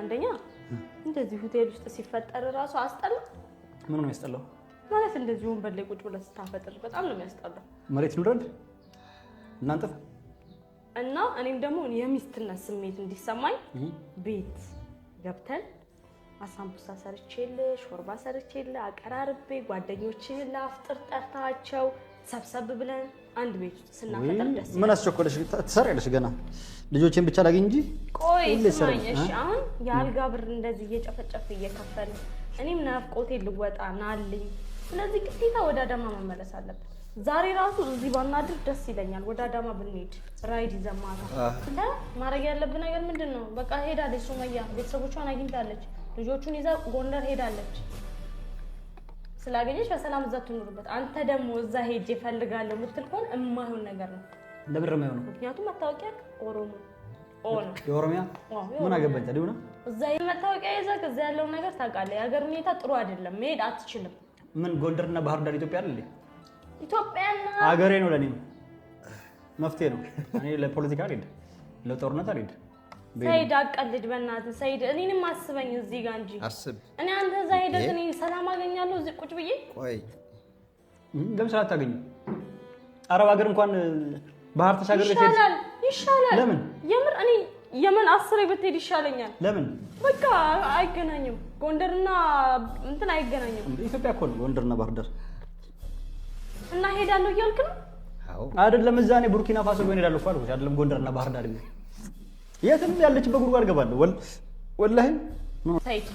አንደኛ እንደዚህ ሆቴል ውስጥ ሲፈጠር እራሱ አስጠላ። ምን ነው ያስጠላው? ማለት እንደዚህ ወንበር ላይ ቁጭ ብለህ ስታፈጥር በጣም ነው የሚያስጠላው። መሬት ንውረድ እናንተ እና እኔም ደግሞ የሚስትነት ስሜት እንዲሰማኝ ቤት ገብተን አሳምቡሳ ሰርቼልህ፣ ሾርባ ሰርቼልህ፣ አቀራርቤ ጓደኞችህን ለአፍጥር ጠርታቸው ሰብሰብ ብለን አንድ ቤት ስናፈጠር ምን አስቸኮለሽ? ትሰሪያለሽ ገና ልጆችን ብቻ ላግኝ እንጂ። ቆይ ስማኝ እሺ። አሁን የአልጋ ብር እንደዚህ እየጨፈጨፍ እየከፈል እኔም ናፍቆቴ ልወጣ ናልኝ። ስለዚህ ግዴታ ወደ አዳማ መመለስ አለብን። ዛሬ ራሱ እዚህ ባናድር ደስ ይለኛል። ወደ አዳማ ብንሄድ ራይድ ይዘማታ እና ማድረግ ያለብን ነገር ምንድን ነው? በቃ ሄዳለች ሱመያ ቤተሰቦቿን አግኝታለች። ልጆቹን ይዛ ጎንደር ሄዳለች። ስላገኘች በሰላም እዛ ትኑሩበት። አንተ ደግሞ እዛ ሄጅ እፈልጋለሁ የምትል ከሆነ እማይሆን ነገር ነው። ለብር የማይሆን ምክንያቱም መታወቂያ ኦሮሞ የኦሮሚያ ምን አገባኝ ጸደው ነው። እዛ የመታወቂያ ይዘህ እዛ ያለውን ነገር ታውቃለህ። የሀገር ሁኔታ ጥሩ አይደለም፣ መሄድ አትችልም። ምን ጎንደርና ባህር ዳር ኢትዮጵያ አይደል? ኢትዮጵያና ሀገሬ ነው። ለእኔ መፍትሄ ነው። እኔ ለፖለቲካ አልሄድም፣ ለጦርነት አልሄድም። ሰይድ አቀልድ፣ በእናትህ ሰይድ፣ እኔንም አስበኝ እዚህ ጋር እንጂ እኔ አንተ እዛ ሄደህ አገኛለሁ እዚህ ቁጭ ብዬ? ቆይ ለምን ስራ አታገኝም? አረብ ሀገር እንኳን ባህር ተሻገር ይሻላል። ይሻላል። ለምን? የምር እኔ የመን አስሬ ብትሄድ ይሻለኛል። ለምን? በቃ አይገናኝም። ጎንደርና እንትን አይገናኝም። ኢትዮጵያ እኮ ነው ጎንደርና ባህር ዳር። እና ሄዳለሁ እያልክ ነው አይደለም? እዛ እኔ ቡርኪና ፋሶ ጎን ሄዳለሁ እኮ አልኩሽ። አይደለም ጎንደርና ባህር ዳር ቢሆን የትም ያለችበት ጉድጓድ እገባለሁ። ወላሂ ሳይድ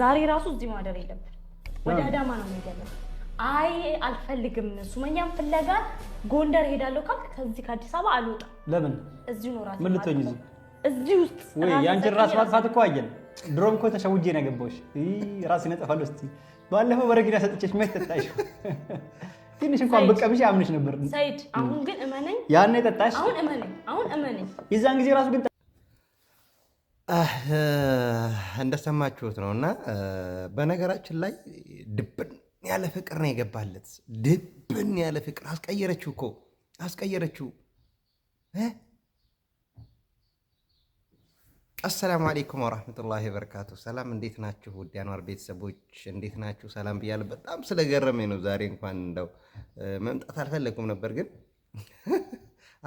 ዛሬ ራሱ እዚህ ማደር የለብን ወደ አዳማ ነው የሚገባው። አይ አልፈልግም፣ ሱመኛም ፍለጋ ጎንደር ሄዳለሁ ካልክ ከዚህ ከአዲስ አበባ አልወጣም። ለምን እዚሁ ነው ራስ ምን ልትሆኝ እዚህ እዚህ ውስጥ ወይ ያንቺን ራስ ማጥፋት እኮ አየን። ድሮም እኮ ተሸውጄ ነው ያገባሁሽ። ራስ ይነጠፋል። እስቲ ባለፈው በረግዳ ሰጥቼሽ መች ጠጣሽ? ትንሽ እንኳን ብቀምሽ አምንሽ ነበር ሰይድ። አሁን ግን እመነኝ፣ ያኔ ጠጣሽ። አሁን እመነኝ፣ አሁን እመነኝ። የዛን ጊዜ ራሱ ግን እንደሰማችሁት ነው። እና በነገራችን ላይ ድብን ያለ ፍቅር ነው የገባለት። ድብን ያለ ፍቅር አስቀየረችው እኮ አስቀየረችው። አሰላሙ አሌይኩም ወራህመቱላሂ ወበረካቱ። ሰላም እንዴት ናችሁ? ውድ ያኗር ቤተሰቦች እንዴት ናችሁ? ሰላም ብያለሁ። በጣም ስለገረመኝ ነው ዛሬ እንኳን እንደው መምጣት አልፈለግኩም ነበር፣ ግን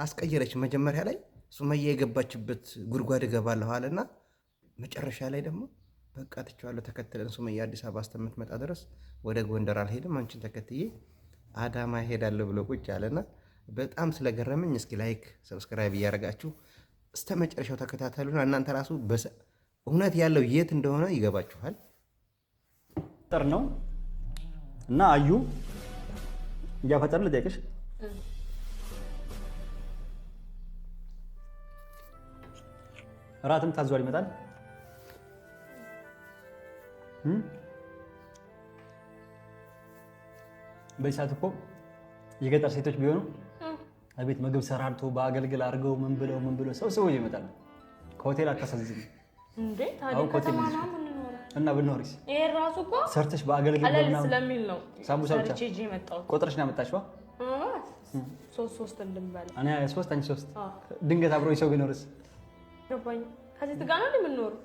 አስቀየረች መጀመሪያ ላይ ሱመያ የገባችበት ጉድጓድ እገባለሁ አለና መጨረሻ ላይ ደግሞ በቃ ትቼዋለሁ። ተከትለን ሱመያ አዲስ አበባ እስከምትመጣ ድረስ ወደ ጎንደር አልሄድም አንቺን ተከትዬ አዳማ እሄዳለሁ ብሎ ቁጭ አለና በጣም ስለገረመኝ እስኪ ላይክ፣ ሰብስክራይብ እያደረጋችሁ እስከ መጨረሻው ተከታተሉና እናንተ ራሱ እውነት ያለው የት እንደሆነ ይገባችኋል። ጥር ነው እና አዩ እያፈጠር ልጠይቅሽ እራትም ታዟል ይመጣል። በዚህ ሰዓት እኮ የገጠር ሴቶች ቢሆኑ ቤት ምግብ ሰራርቶ በአገልግል አድርገው ምን ብለው ምን ብለው ሰው ሰው ይመጣል። ከሆቴል አታሳዝም እና ብንኖርስ ሰርተሽ በአገልግል ቆጥረሽ ነው ያመጣችው። ሶስት አንቺ ሶስት ድንገት አብሮ ሰው ቢኖርስ ገባኝ። ከሴት ጋር ነው የምንኖረው።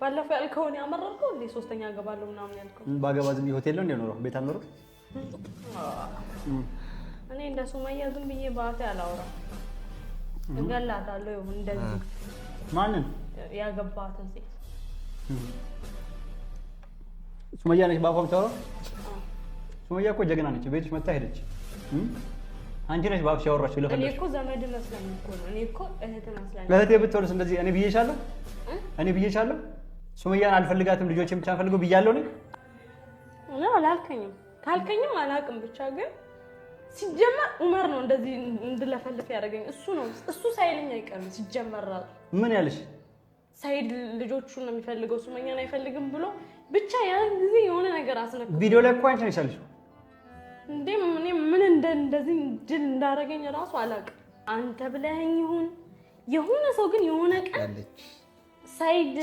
ባለፈው ያልከውን ያመረርከው እንደ ሶስተኛ ገባለሁ ምናምን ያልከው ባገባ ዝም ሆቴል ነው እንደኖረው ቤት አልኖረው። እኔ እንደ ሱመያ ዝም ብዬ በአፌ አላወራም፣ እገላታለሁ። ይሁን እንደዚህ ማንን ያገባትን ሴት ሱመያ ነች በአፏም የምታወራው። ሱመያ እኮ ጀግና ነች። ቤትሽ መታ ሄደች። አንቺ ነሽ ባክሽ ያወራሽ ብለህ እኔ እኮ ዘመድ መስለን እኮ ነው። እኔ እኮ እህት መስለን እህቴ ብትሆንስ እንደዚህ እኔ ብዬሻለሁ፣ እኔ ብዬሻለሁ። ሱመያን አልፈልጋትም ልጆቼ ብቻ ፈልገው ብያለሁ። ነኝ እኔ አላልከኝም። ካልከኝም አላውቅም። ብቻ ግን ሲጀመር ኡመር ነው እንደዚህ እንድለፈልፍ ያደረገኝ እሱ ነው። እሱ ሳይለኝ አይቀርም። ሲጀመር ራሱ ምን ያለሽ ሳይድ ልጆቹን ነው የሚፈልገው ሱመኛን አይፈልግም ብሎ ብቻ ያን ጊዜ የሆነ ነገር አስነካ። ቪዲዮ ላይ እኮ አንቺ ነሽ ያለሽው እንዴ እኔ ምን እንደ እንደዚህ ድል እንዳደረገኝ እራሱ አላውቅም። አንተ ብለኸኝ ይሁን የሆነ ሰው ግን የሆነ ቀን ሳይድ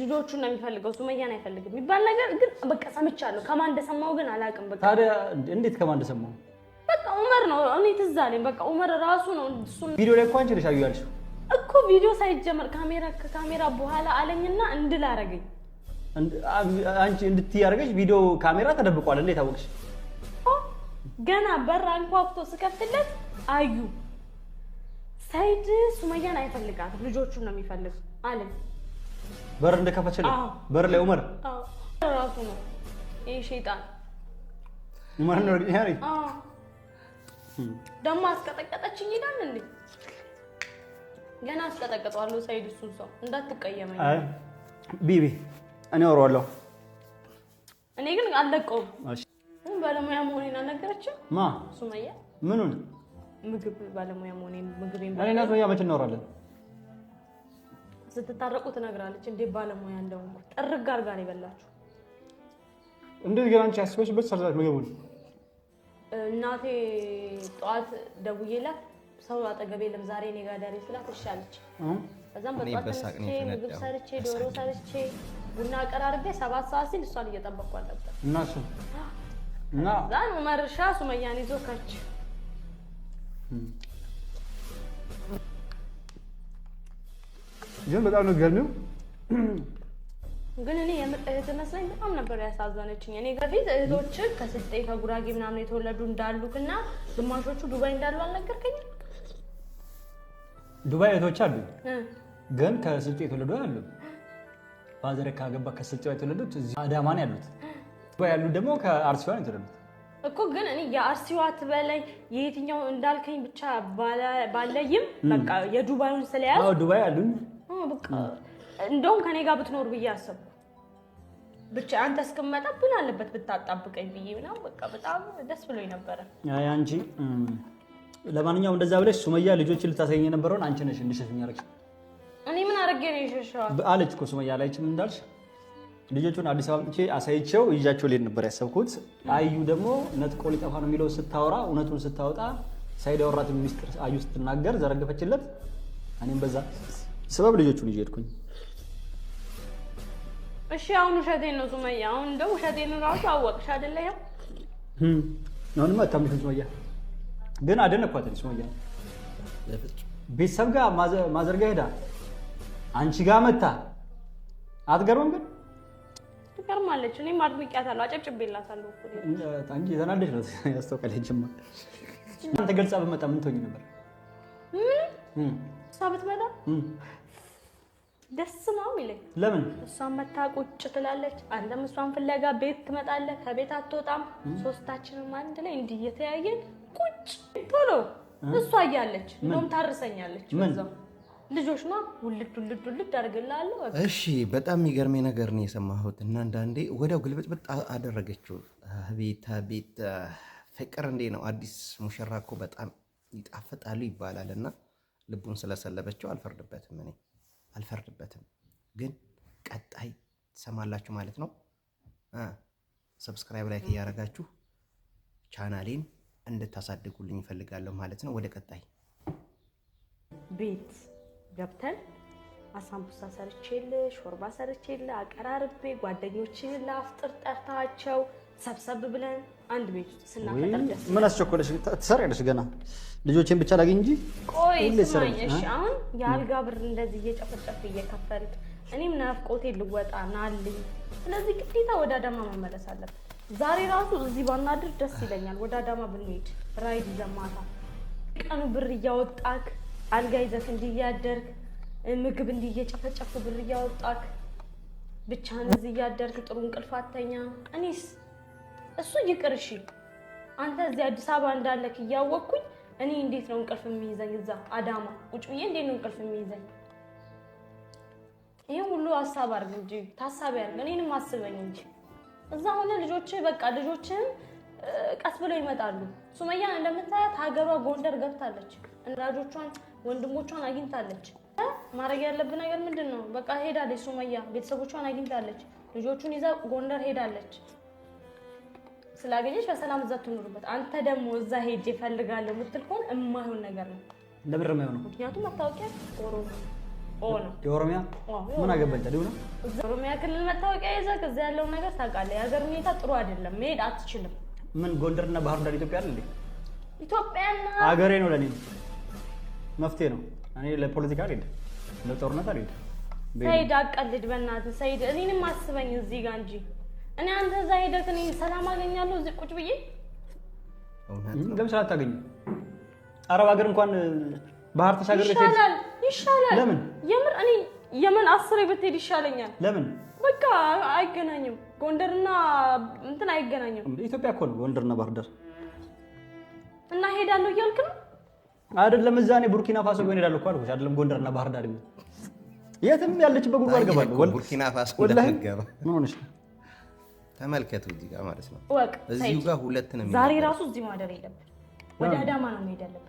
ልጆቹን ነው የሚፈልገው ሱመያን አይፈልግም የሚባል ነገር ግን በቃ ሰምቻለሁ። ከማን እንደሰማው ግን አላውቅም። በቃ ታዲያ እንዴት ከማን እንደሰማው? በቃ ኡመር ነው እኔ ትዝ አለኝ። በቃ ኡመር ራሱ ነው እሱ። ቪዲዮ ላይ እኮ አንቺ ነሽ አዩ ያልሽው እኮ ቪዲዮ ሳይጀመር ካሜራ ከካሜራ በኋላ አለኝና እንድል አረገኝ አንቺ እንድትይ አደረገሽ። ቪዲዮ ካሜራ ተደብቋል እንዴ ታወቅሽ? ገና በር አንኳኩቶ ስከፍትለት አዩ ሰይድ ሱመያን አይፈልጋት ልጆቹን ነው የሚፈልግ አለ። በር እንደከፈችልህ በር ላይ ዑመር ራሱ ነው ይህ ሸይጣን ዑመር ነው ያሪ ደግሞ አስቀጠቀጠችኝ ይላል እንዴ! ገና አስቀጠቀጠዋለሁ። ሰይድ እሱን ሰው እንዳትቀየመኝ ቢቢ፣ እኔ ወረዋለሁ። እኔ ግን አልለቀውም። ባለሙያ መሆኔን አልነገረችም። ማ ሱመያ? ምኑን? ምግብ ባለሙያ መሆኔን። ምግቤን እኔና ሱመያ መቼ እናወራለን? ስትታረቁ ትነግራለች። እንዴ ባለሙያ እንደሆንኩ ጥርግ አድርጋ ነው የበላችሁ። እንዴት ገና አንቺ ያስበሽበት ሰርታች ምግቡን። እናቴ ጠዋት ደውዬላት ሰው አጠገቤ የለም ዛሬ እኔ ጋር ዳሬ ስላት እሺ አለች። ከዛም በጠዋት ተነስቼ ምግብ ሰርቼ ዶሮ ሰርቼ ቡና አቀራርቤ ሰባት ሰዓት ሲል እሷን እየጠበቅኳት ነበር። እናሱ እዛን መርሻ ሱመያን ይዞ ከች ግን በጣም ነው ገርሚው። ግን እኔ የምር እህት መስለኝ በጣም ነበር ያሳዘነችኝ። እኔ በፊት እህቶች ከስልጤ ከጉራጌ ምናምን የተወለዱ እንዳሉክ እና ግማሾቹ ዱባይ እንዳሉ አልነገርከኝም? ዱባይ እህቶች አሉ፣ ግን ከስልጤ የተወለዱ አሉ። ፋዘር ካገባ ከስልጤ የተወለዱት እዚህ አዳማን ያሉት ያሉ ደግሞ ከአርሲዋ ነው የተረዱት እኮ ግን እኔ የአርሲዋ ትበለኝ የየትኛው እንዳልከኝ ብቻ ባለይም በቃ የዱባዩን ስለያዝ ዱባይ አሉኝ። እንደውም ከኔ ጋር ብትኖር ብዬ አሰብኩ። ብቻ አንተ እስክመጣ ምን አለበት ብታጣብቀኝ ብዬ ምናምን በቃ በጣም ደስ ብሎኝ ነበረ። አይ አንቺ ለማንኛውም እንደዛ ብለሽ ሱመያ ልጆችን ልታሳየኝ የነበረውን አንቺ ነሽ እንድሸሽኝ ያደረግሽ። እኔ ምን አድርጌ ነው የሸሸዋል አለች እኮ ሱመያ ላይችም እንዳልሽ ልጆቹን አዲስ አበባ አምጥቼ አሳይቼው ይዣቸው ልሄድ ነበር ያሰብኩት። አዩ ደግሞ ነጥቆ ሊጠፋ ነው የሚለው ስታወራ እውነቱን ስታወጣ ሳይድ ያወራትን ሚስጥር አዩ ስትናገር ዘረገፈችለት። እኔም በዛ ሰበብ ልጆቹን ይዤ ሄድኩኝ። እሺ አሁን ውሸቴን ነው ሱመያ። አሁን እንደው ውሸቴን ራሱ አወቅሽ አይደለ? ያው አሁንማ አታምሽም ሱመያ። ግን አደነኳትን ሱመያ። ቤተሰብ ጋር ማዘርጋ ሄዳ አንቺ ጋር መታ አትገርምም ግን ትገርማለች። እኔም አድምቂያታለሁ፣ አጨብጭቤላታለሁ እንጂ የተናደሽ ነው ያስታውቃል። ጅማ አንተ ገልጻ በመጣ ምን ትሆኝ ነበር? እሷ ብትመጣ ደስ ነው የሚለኝ። ለምን እሷን መታ ቁጭ ትላለች፣ አንተም እሷን ፍለጋ ቤት ትመጣለህ፣ ከቤት አትወጣም። ሶስታችንም አንድ ላይ እንዲህ እየተያየን ቁጭ ቶሎ እሷ እያለች እንደውም ታርሰኛለች። ልጆች ማ ውልድ ውልድ ውልድ አድርግልሃለሁ። እሺ፣ በጣም የሚገርመኝ ነገር ነው የሰማሁት እና አንዳንዴ ወዲያው ግልብጥብጥ አደረገችው። ቤት ቤት ፍቅር እንዴ ነው። አዲስ ሙሽራ እኮ በጣም ይጣፍጣሉ ይባላል እና ልቡን ስለሰለበችው አልፈርድበትም፣ እኔ አልፈርድበትም። ግን ቀጣይ ትሰማላችሁ ማለት ነው። ሰብስክራይብ ላይክ እያደረጋችሁ ቻናሌን እንድታሳድጉልኝ ይፈልጋለሁ ማለት ነው። ወደ ቀጣይ ቤት ገብተን አሳምቡሳ ሰርቼልህ ሾርባ ሰርቼልህ አቀራርቤ ጓደኞችን ለአፍጥር ጠርታቸው ሰብሰብ ብለን አንድ ቤት ውስጥ ስናፈጠር ምን አስቸኮለሽ? ትሰሪያለሽ ገና ልጆችን ብቻ ላግኝ እንጂ። ቆይ ስማኝ አሁን የአልጋ ብር እንደዚህ እየጨፈጨፍ እየከፈልክ እኔም ናፍቆቴ ልወጣ ናልኝ። ስለዚህ ግዴታ ወደ አዳማ መመለስ አለብን። ዛሬ ራሱ እዚህ ባናድር ደስ ይለኛል። ወደ አዳማ ብንሄድ ራይድ ዘማታ ቀኑ ብር እያወጣክ አልጋ ይዘህ እንዲያደርግ ምግብ እንዲየጨፈጨፍ ብር እያወጣክ ብቻህን እዚህ እያደርግ ጥሩ እንቅልፍ አተኛ። እኔስ እሱ ይቅርሽ፣ አንተ እዚህ አዲስ አበባ እንዳለክ እያወቅኩኝ እኔ እንዴት ነው እንቅልፍ የሚይዘኝ? እዛ አዳማ ቁጭ ብዬ እንዴት ነው እንቅልፍ የሚይዘኝ? ይህ ሁሉ ሀሳብ አድርግ እንጂ ታሳቢ አድርግ፣ እኔንም አስበኝ እንጂ እዛ ሆነ ልጆች በቃ ልጆችህም ቀስ ብለው ይመጣሉ። ሱመያ እንደምታያት ሀገሯ ጎንደር ገብታለች። ወንድሞቿን ወንድሞቿን አግኝታለች። ማድረግ ያለብን ነገር ምንድን ነው? በቃ ሄዳለች። ሱመያ ቤተሰቦቿን አግኝታለች። ልጆቹን ይዛ ጎንደር ሄዳለች። ስላገኘች በሰላም እዛ ትኑርበት። አንተ ደግሞ እዛ ሄጅ እፈልጋለሁ የምትል ከሆነ የማይሆን ነገር ነው፣ ለብር የማይሆን ነው። ምክንያቱም መታወቂያ የኦሮሚያ ምን አገባኝ ነው። ኦሮሚያ ክልል መታወቂያ ይዘህ እዚያ ያለውን ነገር ታውቃለህ። የሀገር ሁኔታ ጥሩ አይደለም፣ መሄድ አትችልም። ምን ጎንደርና ባህር ዳር ኢትዮጵያ አለ? ኢትዮጵያና ሀገሬ ነው ለኔ መፍትሄ ነው። እኔ ለፖለቲካ አልሄድም፣ ለጦርነት አልሄድም። ሰይድ አቀልድ፣ በእናትህ ሰይድ፣ እኔንም አስበኝ እዚህ ጋር እንጂ እኔ አንተ እዛ ሄደህ እኔ ሰላም አገኛለሁ እዚህ ቁጭ ብዬ ለምን ሰላም አታገኝ? አረብ ሀገር እንኳን ባህር ተሻገር ይሻላል፣ ይሻላል። ለምን የምር እኔ የምን አስሬ ብትሄድ ይሻለኛል። ለምን በቃ አይገናኝም። ጎንደርና እንትን አይገናኝም። ኢትዮጵያ እኮ ነው ጎንደርና ባህር ዳር እና ሄዳለሁ እያልክ ነው አይደለም እዛ እኔ ቡርኪና ፋሶ ቢሆን ሄዳለሁ እኮ አልኩሽ። አይደለም ጎንደርና ባህር ዳር ቢሆን የትም ያለችበት ጉድጓድ ገባለሁ። ቡርኪና ፋሶ እንደምገባ ምን ሆነሽ ነው? ተመልከቱ፣ እዚህ ጋር ማለት ነው። እዚሁ ጋር ሁለት ነው። ዛሬ ራሱ እዚህ ማደር የለብን፣ ወደ አዳማ ነው መሄድ ያለብን።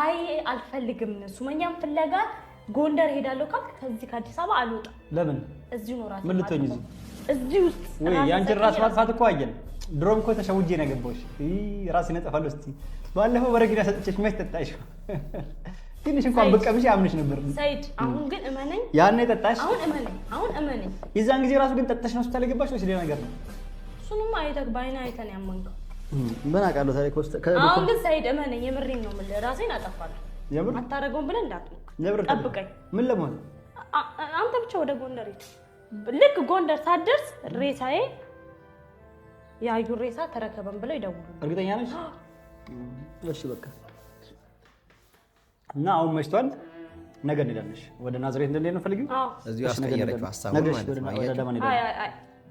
አይ አልፈልግም፣ ሱመኛም ፍለጋ ጎንደር ሄዳለሁ ካልክ ከዚህ ከአዲስ አበባ አልወጣም። ለምን? እዚሁ ነው ራሱ ምን ልትሆኝ እዚህ ውስጥ ወይ ያንቺን ራስ ማጥፋት እኮ አየን ድሮም እኮ ተሸውጄ ነው የገባሁሽ። ራሴን አጠፋለሁ። እስኪ ባለፈው በረኪና ሰጥቼሽ መች ጠጣሽ? ትንሽ እንኳን ብቀብሽ አምንሽ ነበር። ሰይድ፣ አሁን ግን እመነኝ። ያኔ ጠጣሽ፣ አሁን እመነኝ። የዛን ጊዜ ራሱ ግን ጠጣሽ ነው ሆስፒታል የገባሽ ወይስ ሌላ ነገር ነው? እሱንም አይተህ ያመንከው። ምን አውቃለሁ ታሪክ ውስጥ። አሁን ግን ሰይድ እመነኝ፣ የምሬን ነው የምልህ። ራሴን አጠፋለሁ። የምር አታደርገውም ብለህ እንዳትሞክር፣ ጠብቀኝ። ምን ለመሆን አንተ ብቻ ወደ ጎንደር ሄድ። ልክ ጎንደር ሳትደርስ ሬሳዬ የአዩን ሬሳ ተረከበን ብለው ይደውሉ። እርግጠኛ ነች? እሺ በቃ እና አሁን መሽቷል። ነገ እንሄዳለሽ ወደ ናዝሬት እንድንሄድ ነው ፈልጊው። እዚሁ አስቀየረችው ሀሳቡን ማለት ነው።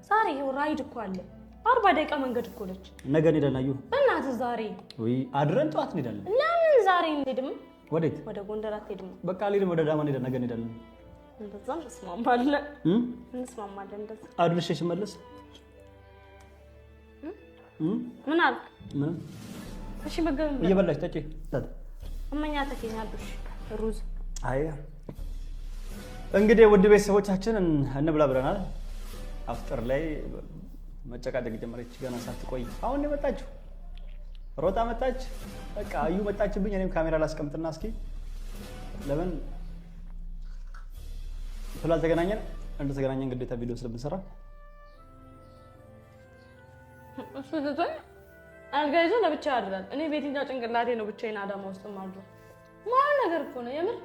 ዛሬ ይኸው ራይድ እኮ አለ። አርባ ደቂቃ መንገድ እኮ ነች። ነገ እንሄዳለን። አዩ በእናትህ ዛሬ ወይ አድረን ጠዋት እንሄዳለን። ለምን ዛሬ እንሄድም? ወዴት? ወደ ጎንደር አትሄድም? በቃ አልሄድም። ወደ ዳማ እንሄዳለን። ነገ እንሄዳለን። እንደዛ እንስማማለን፣ እንስማማለን። እንደዛ አድርሼሽ መለስ ምን አልክ? ምን? እሺ ምግብ እየበላሽ ጠጪ። እመኛ ሩዝ። አይ እንግዲህ ውድ ቤተሰቦቻችን እንብላ ብለናል። አፍጥር ላይ መጨቃጨቅ ጀመረች። ገና ሳትቆይ አሁን የመጣችሁ ሮጣ መጣች። በቃ እዩ መጣችብኝ። እኔም ካሜራ ላስቀምጥና እስኪ ለምን ስላልተገናኘን እንደተገናኘን ግዴታ ቪዲዮ ስለምንሰራ እሱ ስቶኝ አልጋ ይዞ ለብቻ ያድራል። እኔ ቤትኛ ጭንቅላቴ ነው ብቻዬን አዳማ ውስጥ ማሉ ነገር እኮ ነው የምር።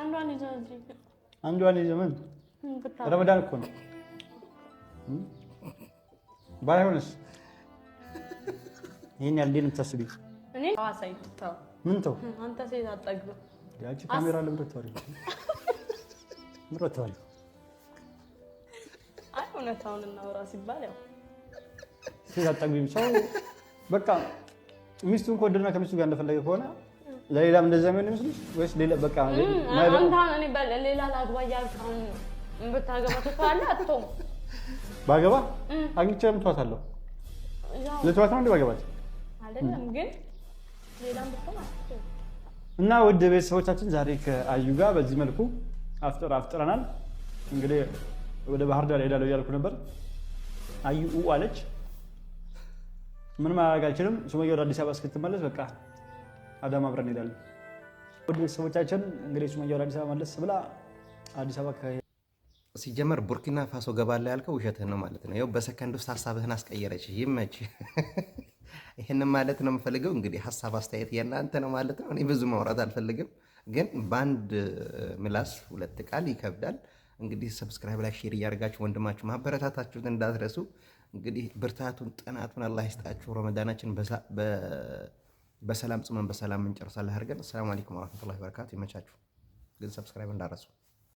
አንዷን ይዘ አንዷን ይዘ ምን ረመዳን እኮ ነው። ባይሆንስ ይህን እኔ ሐዋሳ ምን ተው አንተ ሴት አጠግብ ያቺ ካሜራ ለምረት ምረት አይ እውነታውን እናውራ ሲባል ያው ሴት ሰው በቃ ሚስቱን ከወደድና ከሚስቱ ጋር እንደፈለገ ከሆነ ለሌላ እንደዚያ የሚሆን ይመስልሽ ወይስ ሌላ በቃ ሌላ ባገባ አግኝቼ ለምን ልትዋት ነው እንደ ባገባት እና ወደ ቤተሰቦቻችን ዛሬ ከአዩ ጋር በዚህ መልኩ አፍጥር አፍጥረናል። እንግዲህ ወደ ባህር ዳር ሄዳለሁ እያልኩ ነበር። አዩ አለች። ምንም ማድረግ አልችልም። ሱመያ ወደ አዲስ አበባ እስክትመለስ በቃ አዳማ አብረን እንሄዳለን። ወደ ቤተሰቦቻችን እንግዲህ ሱመያ ወደ አዲስ አበባ መለስ ብላ አዲስ አበባ ሲጀመር ቡርኪና ፋሶ ገባለሁ ያልከው ውሸትህን ነው ማለት ነው። ይኸው በሰከንድ ውስጥ ሀሳብህን አስቀየረች። ይመች። ይህንም ማለት ነው የምፈልገው። እንግዲህ ሀሳብ አስተያየት የእናንተ ነው ማለት ነው። እኔ ብዙ ማውራት አልፈልግም፣ ግን በአንድ ምላስ ሁለት ቃል ይከብዳል። እንግዲህ ሰብስክራይብ ላይ ሼር እያደርጋችሁ ወንድማችሁ ማበረታታችሁት እንዳትረሱ። እንግዲህ ብርታቱን ጥናቱን አላህ ይስጣችሁ። ረመዳናችን በሰላም ጽመን በሰላም እንጨርሳለህ አድርገን። አሰላሙ አለይኩም ወረሕመቱላሂ ወበረካቱ። ይመቻችሁ። ግን ሰብስክራይብ እንዳረሱ